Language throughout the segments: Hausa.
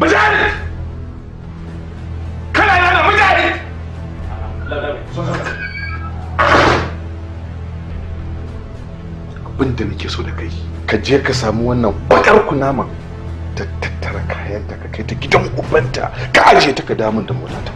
mujahid kana yana da abin da nake so da kai ka je ka samu wannan bakar kunaman ta tattara kayanta ka kai ta gidan ubanta ka ajiye ta ka damun da motata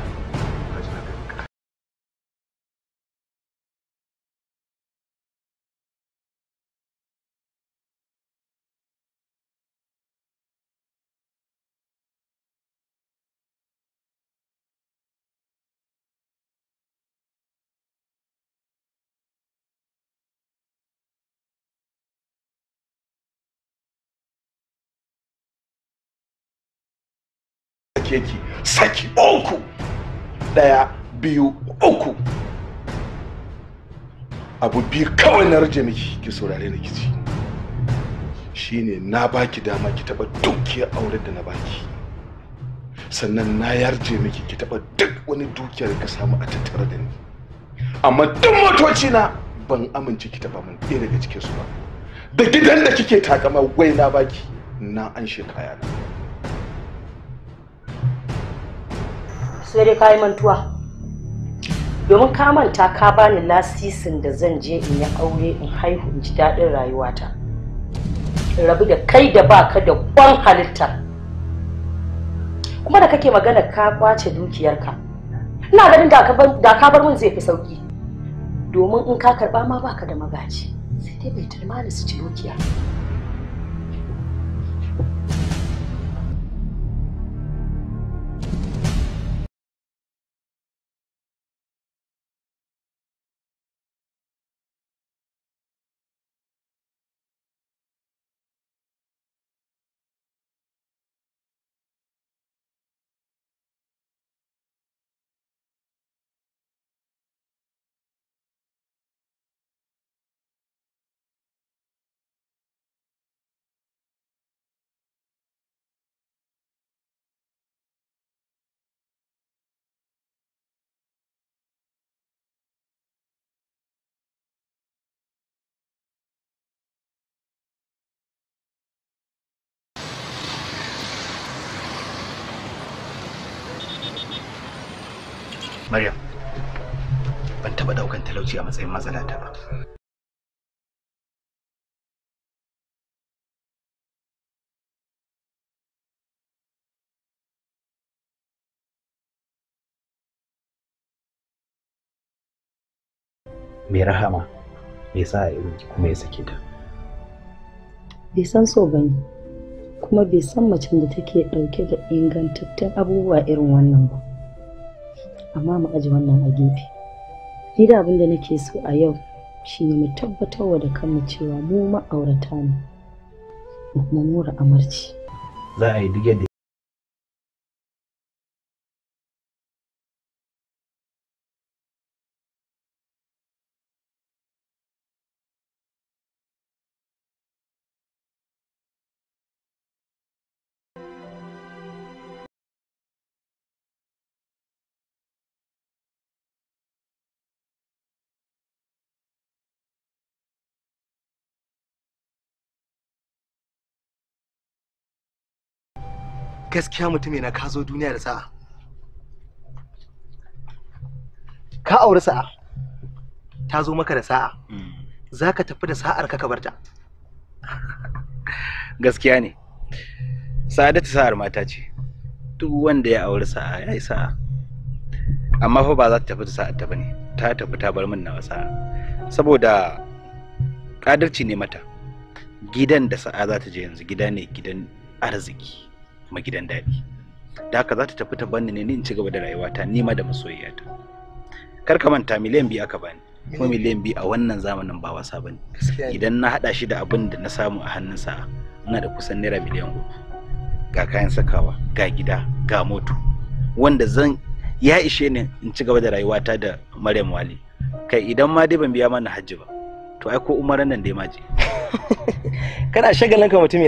saki uku ɗaya biyu uku abu biyu kawai na rage miki ki saurare na kici shine na baki dama ki taba dukiyar auren da na baki sannan na yarje miki ki taba duk wani dukiyar ka samu a tattare da ni amma duk motoci na ban amince ki taba min ɗaya daga cikin su ba da gidan da kike takama wai na baki na an kayana. sai dai kayi mantuwa domin ka manta ka bani lasisin da zan je in yi aure in haihu in ji daɗin rayuwata rabu da kai da baka da kwan halitta kuma da kake magana ka kwace dukiyarka ina ganin da ka bar min zai fi sauki domin in ka karba ma baka da magaji sai dai bai tarma su ci dukiya Maryam, ban taɓa ɗaukan talauci a matsayin matsalata ba. Mai rahama, me sa a irin kuma ya sake ta? Bai san so ba kuma bai san macen da take ɗauke da ingantattun abubuwa irin wannan ba. amma mu aji wannan a gefe ni da abin da nake so a yau Shi ne mu tabbatar wa da kanmu cewa mu ma'aurata ne mu kuma mura amarci za a yi duk gaskiya mutum yana ka zo duniya da sa'a ka auri sa'a ta zo maka da sa'a hmm. za ka tafi da sa'ar ka kabarta gaskiya ne sa'adatu sa'ar mata ce duk wanda ya auri sa'a ya yi sa'a amma fa ba za ta tafi da sa'ar ta bane ta tafi ta bar min nawa sa'a saboda ƙadarci ne mata gidan da sa'a za ta je yanzu gida ne gidan arziki kuma gidan daɗi da haka za ta tafi ta banni ne ni in ci gaba da rayuwata nima da masoyiyata kar ka manta miliyan biyu aka bani kuma miliyan biyu a wannan zamanin ba wasa bane idan na hada shi da abin da na samu a hannunsa ina da kusan naira miliyan uku ga kayan sakawa ga gida ga moto wanda zan ya ishe ni in ci gaba da rayuwata da maryam wali kai idan ma dai ban biya mana hajji ba to ai ko umaran nan dai ma je kana shagalin ka mutum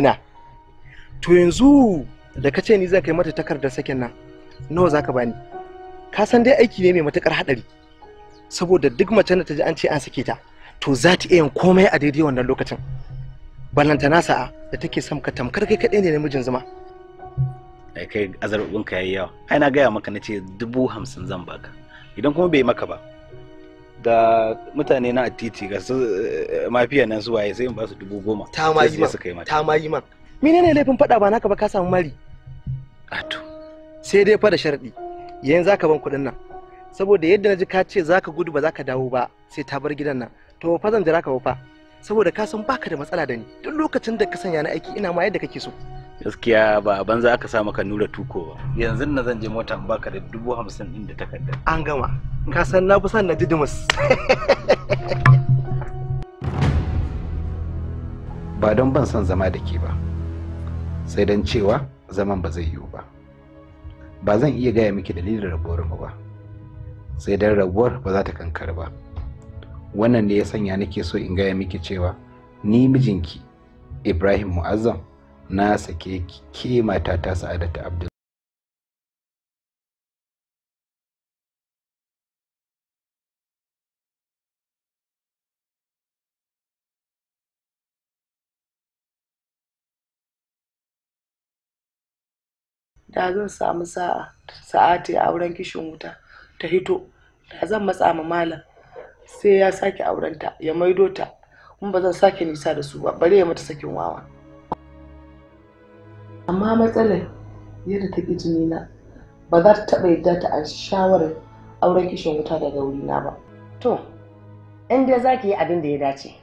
to yanzu da ka ce ni zan kai mata takardar sakin nan nawa zaka bani ka san dai aiki ne mai matakar hadari saboda duk mace da ta ji an ce an sake ta to za ta iya yin komai a daidai wannan lokacin na sa'a da take son ka tamkar kai kaɗai ne namijin zuma ai kai ka yayi yawa ai na gaya maka na ce dubu hamsin zan baka idan kuma bai maka ba da mutane na titi ga su eh, mafiya nan su waye sai in ba su dubu goma ta ma yi man ta ma yi man menene laifin faɗa ba naka ba ka samu mari Ato. Sai dai fa da sharɗi. za zaka ban kuɗin nan. Saboda yadda na ji ka ce zaka gudu ba zaka dawo ba sai ta bar gidan nan. To fa zan jira ka fa. Saboda ka san baka da matsala da ni. Duk lokacin da ka sanya ni aiki ina ma yadda kake so. Gaskiya ba za ka sa maka nura tuko ba. Yanzu na zan je mota in baka da dubu hamsin inda da takarda. An gama. Ka san na fi son na ji dumus. ba don ban son zama da ke ba sai don cewa zaman ba zai yiwu ba ba zan iya gaya miki dalilin rabuwar mu ba sai dan rabuwar ba za ta kankar ba wannan ne ya sanya nake so in gaya miki cewa ni mijinki ibrahim mu'azzam na sake ke matata sa'adatu abdul da zan samu sa'a sa'ati auren kishin wuta ta hito da zan matsa ma malam sai ya sake aurenta ya maido ta kuma ba zan sake nisa da su ba bare ya mata sakin wawa amma matsalar yadda ta jini na ba za ta taɓa yadda ta a shawarar auren kishin wuta daga wurina ba to in dai za ki yi abin da ya dace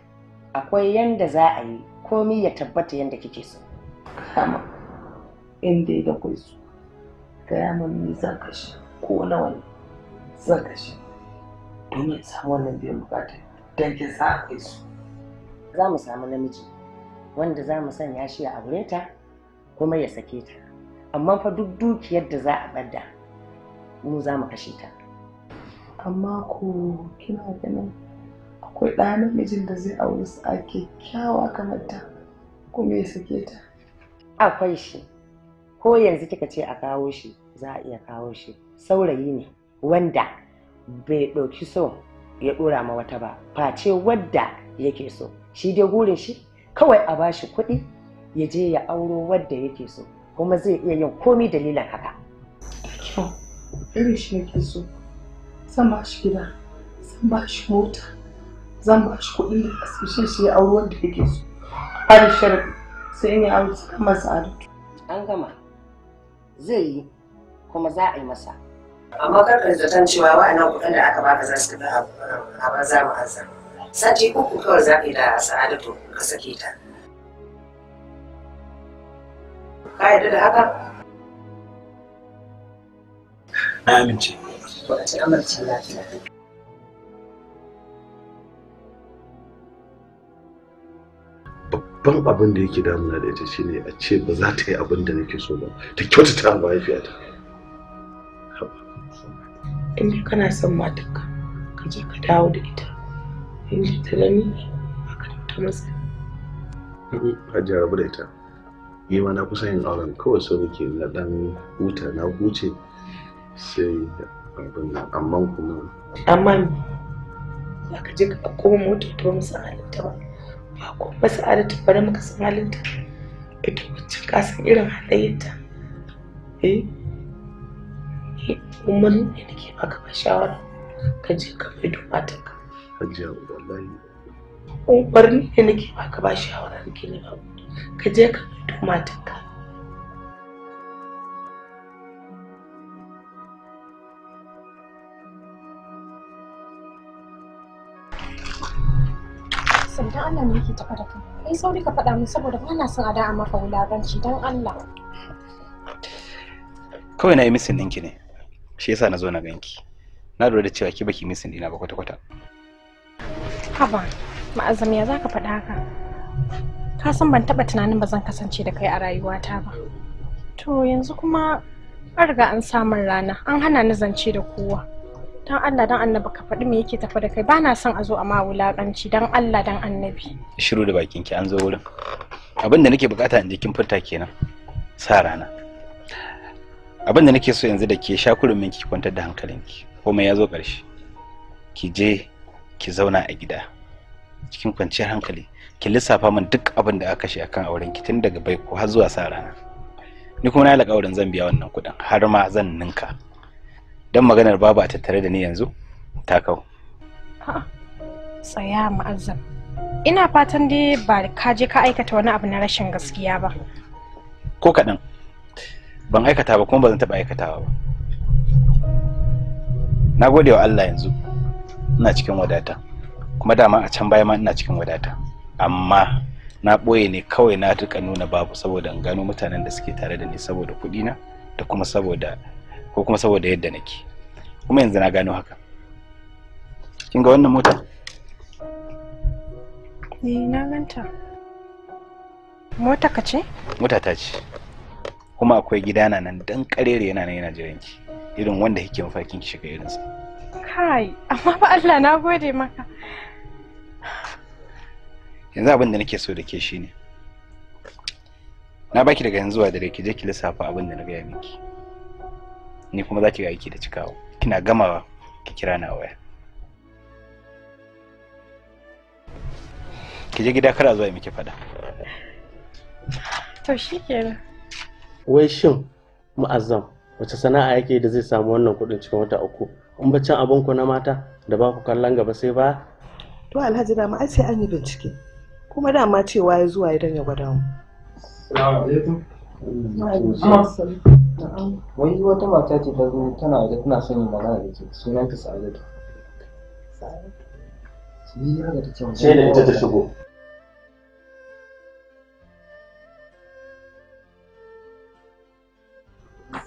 akwai yanda za a yi komi ya tabbata yanda kike so in dai da kwai su gaya min ni zan kashe ko nawa ne zan kashe domin samu wannan biyan bukatar don kin sa kai su za mu samu namiji wanda za mu sanya shi a aure ta kuma ya sake ta amma fa duk dukiyar da za a bada mu za mu kashe ta amma ko kina ganin akwai ɗa namijin da zai auri su a kyakkyawa kamar ta kuma ya sake ta akwai shi ko yanzu kika ce a kawo shi za a iya kawo shi saurayi ne wanda bai ɗauki so ya ɗora ma wata ba face wadda yake so shi dai gurin shi kawai a bashi kuɗi ya je ya auro wadda yake so kuma zai iya yin komi dalilin haka kyau irin shi nake so zan ba shi gida zan ba shi mota zan ba shi kuɗi a shi ya auro wanda yake so ƙarshen sai in yi aure su kama sa'adatu an gama zai yi kuma za a yi masa amma karkar zaton cewa wa'annan kuɗin da aka baka za su tafi a banza ma'aza sati uku kawai za ka yi da sa'adatu ka sake ta ka yarda da haka na amince Ko a ci amince lafiya babban abin da yake damuna da ita shine a ce ba za ta yi abin da nake so ba ta kyautata ta in kana son matuka, ka je ka dawo da ita in ta lami haka ta matsa a jarabu da ita ni ma na kusa yin auren kawai so nake na dan huta na huce sai abin nan amma kuma amma ka je ka ɗauko mota ta wani sa'alin ta ba ba ko ba sa'adatu bari muka san halinta ita wacce ka san irin halayyarta eh umarni ne nake baka ba shawara ka je ka duba ta ka hajiya wallahi ne nake baka ba shawara nake ne ba ka je ka mai duba ta ka Hafsat dan Allah ne yake tafa da kai. Kai sauri ka faɗa min saboda ba na son a da'a maka wulaganci Don Allah. Kawai na yi misin ɗinki ne. Shi yasa na zo na ganki. Na lura da cewa ki baki misin ɗina ba kwata-kwata. Haba, ma'azam ya za ka faɗa haka? Ka san ban taɓa tunanin ba zan kasance da kai a rayuwata ba. To yanzu kuma an riga an samun rana, an hana ni zance da kowa. don Allah don annabi ka faɗi me yake tafi da kai bana son a zo a ma wulaƙanci don Allah don annabi shiru da bakin ki an zo wurin abin da nake bukata in je kin furta kenan sa rana abin da nake so yanzu da ke shakurin min ki kwantar da hankalinki komai ya zo ƙarshe ki je ki zauna a gida cikin kwanciyar hankali ki lissafa min duk abin da aka shi akan auren ki tun daga baiko har zuwa sa rana ni kuma na yi alƙawarin zan biya wannan kuɗin har ma zan ninka don maganar babu a tattare da ni yanzu ta kau tsaya ma'azzam ina fatan dai ba ka je ka aikata wani abu na rashin gaskiya ba ko kaɗan ban aikata ba kuma ba zan taɓa aikatawa ba na gode wa Allah yanzu ina cikin wadata kuma dama a can baya ma ina cikin wadata amma na ɓoye ne kawai na rika nuna babu saboda in gano mutanen da suke tare da ni saboda kuɗina da kuma saboda ko kuma saboda yadda nake kuma yanzu na gano haka kin ga wannan mota eh na ganta mota kace ce mota ta ce kuma akwai gidana nan dan karere yana nan yana jiran ki irin wanda kike mafakin ki shiga irinsa kai amma ba Allah na gode maka yanzu abin da nake so da ke shine na baki daga yanzu wa dare ki je ki lissafa abin da na gaya miki ni kuma za ki ga aiki da cikawo kina gamawa ki kira na waya ki je gida kara zuwa miki fada to shikenan wai shin mu'azzam wace sana'a yake da zai samu wannan kuɗin cikin wata uku in ba abin ku na mata da ba ku kallon gaba sai ba to alhaji dama ai sai an yi bincike kuma dama cewa ya zuwa idan ya gwada mu Assalamu alaikum. wai wata mata ce ta zo tana da tana son yin magana da ke ta sunanta ta sai da ita ta shigo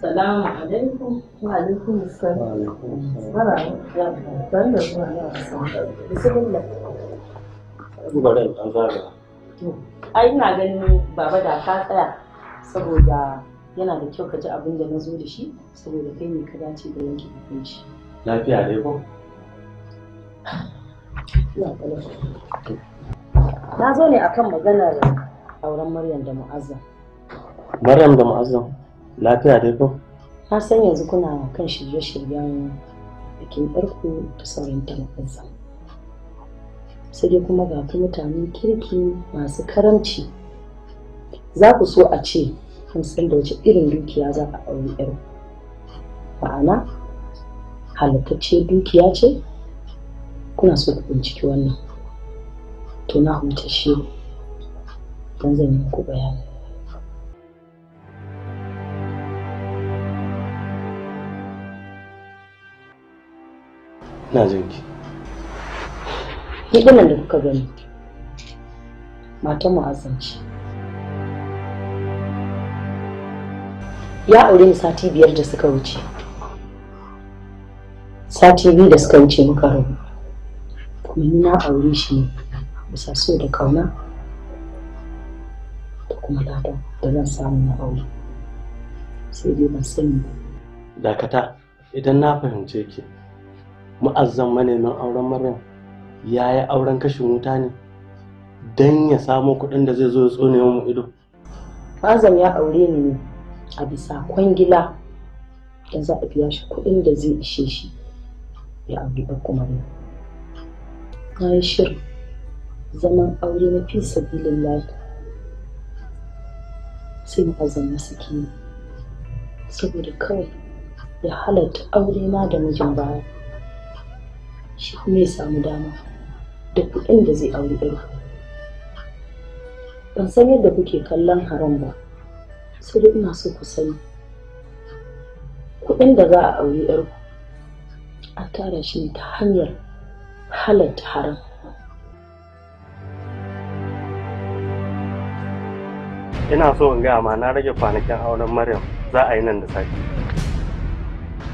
Salamu alaikum. Wa alaikum salam. Wa alaikum salam. Ban da zuwa na Bismillah. Bari an zaga. Ai ina ganin baba da ka tsaya saboda yana da kyau ka ji abin da na zo da shi saboda kai ne ka dace da yanke hukunci lafiya dai ko na zo ne akan maganar auren maryam da mu'azzam maryam da mu'azzam lafiya dai ko na san yanzu kuna kan shirye-shiryen bikin ɗarku da sauran ta mu'azzam sai dai kuma ga mutanen kirki masu karamci za ku so a ce kan san da wace irin dukiya za a auri irin ma'ana halittacciyar dukiya ce kuna so ku binciki wannan to na huta shi don zan yi muku bayani ina jinki ki da kuka gani matan mu azanci ya aure ni sati biyar da suka wuce sati biyu da suka wuce muka rabu kuma ni na aure shi ne bisa so da kauna da kuma lada da zan samu na aure sai dai ban sani dakata idan na fahimce ki mu'azzam manemin auren maryam ya yi auren kashin wuta ne don ya samo kuɗin da zai zo ya tsone mu ido Fazal ya aure ni ne a bisa kwangila da za a biya shi kuɗin da zai ishe shi ya abu da kuma na yi shirin zaman aure na fi sabilin lafi sai ma'azan suke yi saboda kawai ya halatta aure na da mijin baya shi kuma ya samu dama da kuɗin da zai aure ɗin ban san yadda kuke kallon haram ba sai dai ina so ku sani kuɗin da za a auri yarku a tara shi ta hanyar halatta haram ina so in gaya ma na rage kwanakin auren maryam za a yi nan da sake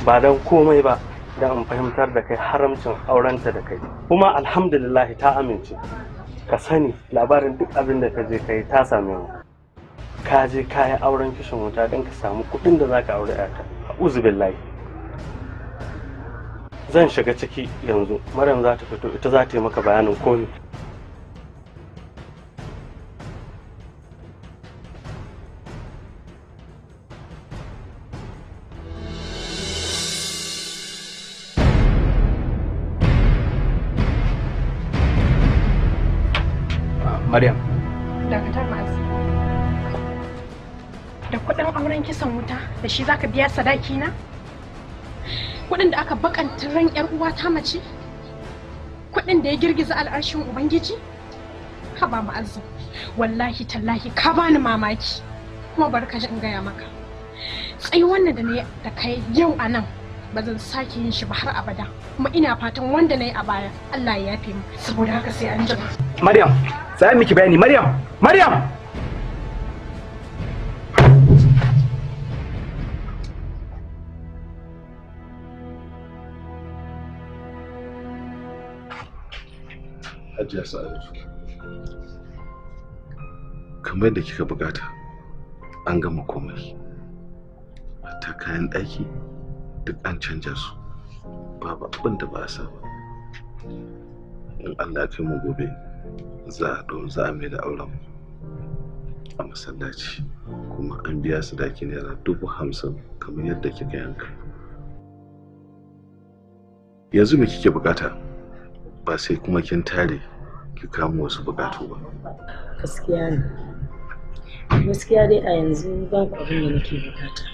ba don komai ba don in fahimtar da kai haramcin aurenta da kai kuma alhamdulillah ta amince ka sani labarin duk abin da ka je kai ta same mu ka je kayan auren kishin wuta don ka samu kuɗin da za ka aure yata a uzubillahi zan shiga ciki yanzu maryam za ta fito ita za ta yi maka bayanin komi Mariam, da shi zaka biya sadaki na kuɗin da aka bakanta ran yar uwa ta mace kuɗin da ya girgiza al'arshin ubangiji ka ba azu wallahi tallahi ka bani mamaki kuma barka, ka in gaya maka tsayi wannan da na da kai yau a nan ba zan sake yin shi ba har abada kuma ina fatan wanda na yi a baya Allah ya yafe mu saboda haka sai an jira. Maryam sai miki bayani Maryam Maryam hajiya sa'adatu kamar da kika bukata an gama komai ta kayan ɗaki duk an canja su babu abin da ba a sa ba in allah kai mu gobe za a don za a mai da auren a masallaci kuma an biya su daki naira dubu hamsin kamar yadda kika yanka yanzu me kike bukata ba sai kuma kin tare ki kamo wasu bukatu ba gaskiya ne gaskiya dai a yanzu babu abin da nake bukata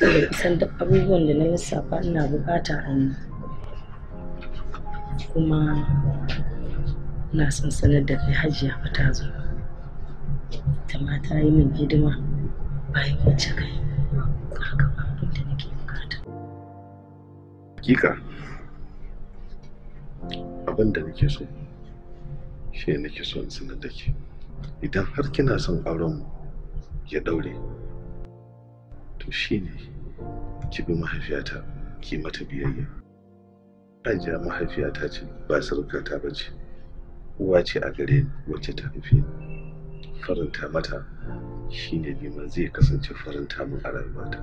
da kusan da abubuwan da na lissafa ina bukata a yanzu kuma ina son sanar da kai hajiya ba ta zo ta ma yi min hidima bayan wacce kai haka ba abin da nake bukata hakika abin da nake so shi ne nake so in sanar da ke idan har kina son auren mu ya daure to shi ne ki bi mahaifiyata ki mata biyayya an ja mahaifiyata ce ba sarkata ba ce uwa ce a gare ni wacce ta haife ni faranta mata shine neman zai kasance faranta min a rayuwata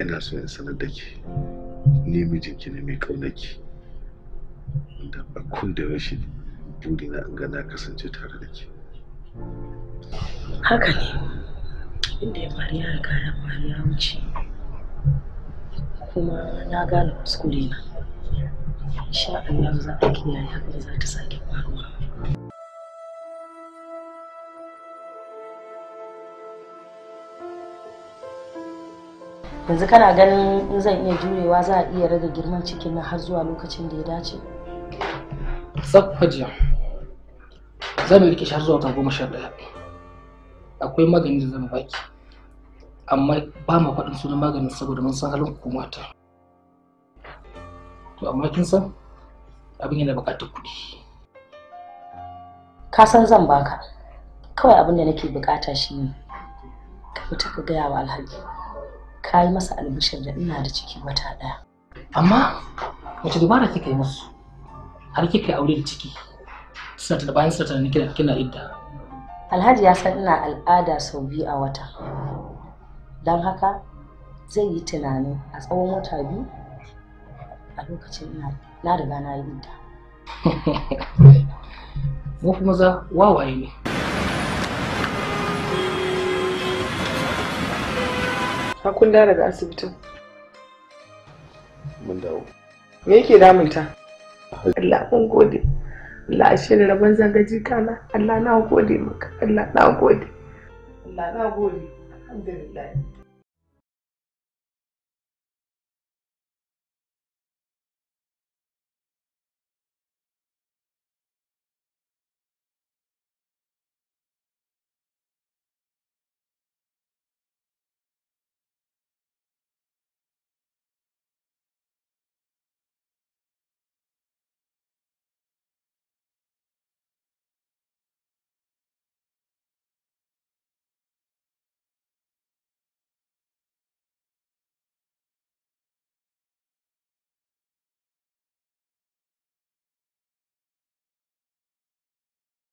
ina so in sanar da ke ni mijinki ne mai kaunaki da a da in kasance tare da ke haka ne inda ya faru ya riga ya faru ya wuce kuma na gane kuskure na sha Allah za a kiyaye hakan za ta sake faruwa yanzu kana ganin in zan iya jurewa za a iya rage girman cikin na har zuwa lokacin da ya dace tsaf hajiya za mu rike shi har zuwa wata goma sha ɗaya akwai magani da zama baki amma ba mu faɗin sunan maganin saboda mun san halin ku mata to amma kin san abin yana buƙatar kuɗi ka san zan baka kawai abin da nake buƙata shi ne ka fita ka gaya wa alhaji ka yi masa albishir da ina da ciki wata ɗaya amma wace dubara kika yi musu har kika aure da ciki sata ta bayan ta ne kina idda alhaji ya san ina al'ada sau biyu a wata don haka zai yi tunanin a tsawon wata biyu a lokacin ina na riga na yi idda mu kuma za wawaye ne kun dawo daga asibitin mun dawo me yake damunta Allah mun gode Allah ashe da rabon zanga jikana Allah na gode maka Allah na gode Allah na gode alhamdulillah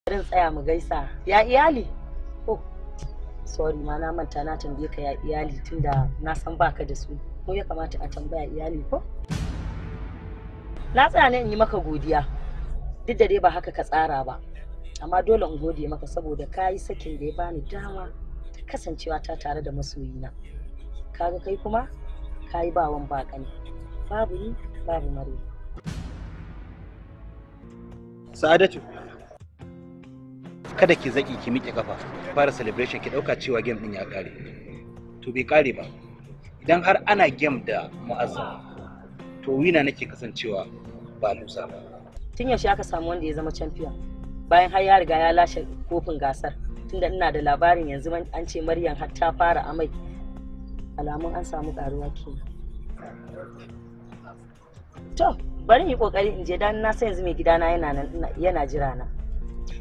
irin tsaya mu gaisa. Ya iyali? Oh, sorry ma na manta na tambaye ka ya iyali tunda na san baka da su. ko ya kamata a tambaya iyali ko? Na tsaya ne in yi maka godiya. Duk da dai ba haka ka tsara ba. Amma dole in gode maka saboda ka yi sakin da ya bani dama ta kasancewa ta tare da masoyina. Kaga kai kuma ka yi bawan baƙa ne. Babu ni babu mare. Sa'adatu, kada ki zaki ki miƙe kafa fara celebration ki dauka cewa game din ya kare to bai kare ba idan har ana game da mu'azzam to wina nake kasancewa ba lusa ba tun yaushe aka samu wanda ya zama champion bayan har ya riga ya lashe kofin gasar tunda ina da labarin yanzu an ce maryam har ta fara amai alamun an samu karuwa ke to bari yi kokari in je dan na sai yanzu mai gidana yana yana jira na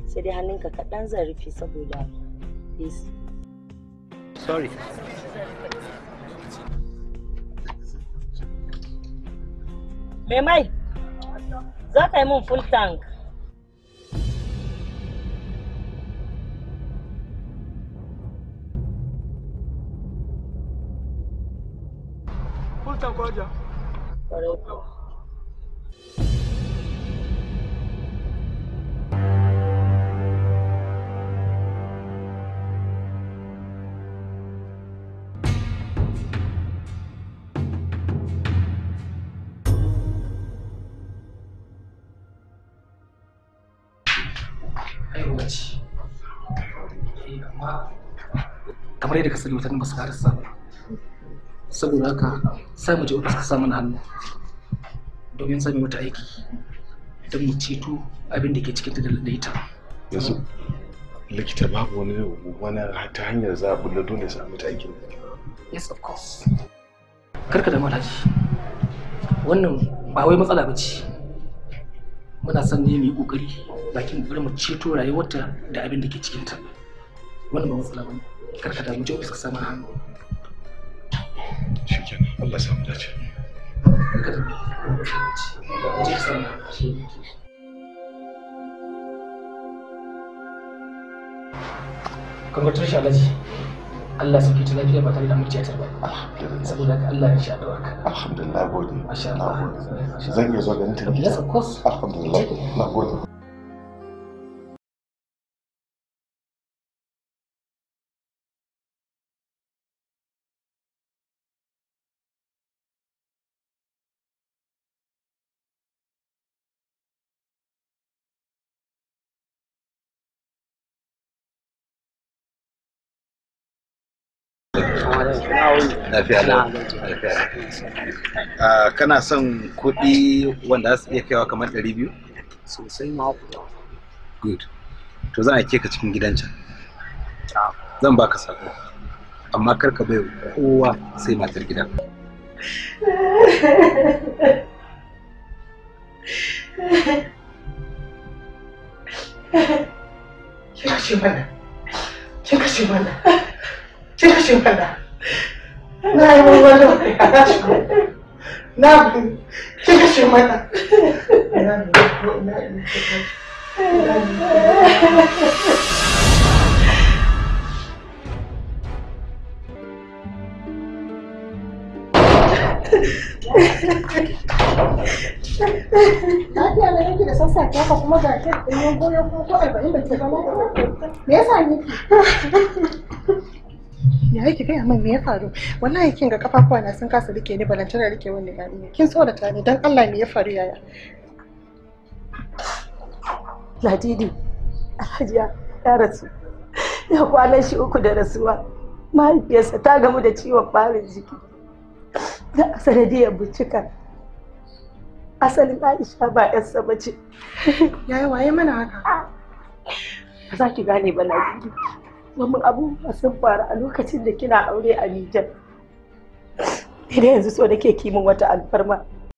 sai dai hannunka kaɗan zan rufe saboda sorry mai mai za ka yi min full tank full tank wajen kamar yadda ka sani mutanen ba su kare sa saboda haka sai mu je wata sa mana hannu domin sami mata aiki don mu ceto abin da ke cikin ta da ita yanzu likita babu wani wani ta hanyar zaɓi da dole su mata aiki yes of course karka da malaji wannan ba wai matsala ba ce muna son ne mu yi ƙoƙari bakin ƙoƙarin mu ceto rayuwarta da abin da ke cikinta. ta wannan ba matsala bane karkata mu je ofis ka sama hannu shikenan Allah samu dace karkata je ka Allah sauke ta lafiya ba tare da mace ta ba saboda haka Allah ya sha da waka alhamdulillah gode Allah zan iya zuwa ganin ta yes alhamdulillah gode lafiya lafiya ah, kana son kuɗi wanda za su iya kaiwa kamar ɗari biyu sosai ma good to zan aike ka cikin gidan can zan baka sako amma kar ka bai kowa sai matar gidan Kika ce mana, kika ce mana, kika ce mana. na yi mun wajen na bu ki kashe mata Lafiya na da sassafe haka kuma ga kyan ɗin yasa ne? ya ki gaya min me ya faru wallahi kin ga kafafuwa na sun kasa rike ni balantana da rike wannan yarinya kin saurata ni dan Allah me ya faru yaya Ladidi hajiya ya rasu ya kwana shi uku da rasuwa mahaifiyarsa ta gamu da ciwon farin jiki da a sanadiyar bincika asalin Aisha ba yarsa ba ce yaya waye mana haka ba za ki gane ba Ladidi domin abubuwa sun faru a lokacin da kina aure a Nijar. ina yanzu so ke kimin wata alfarma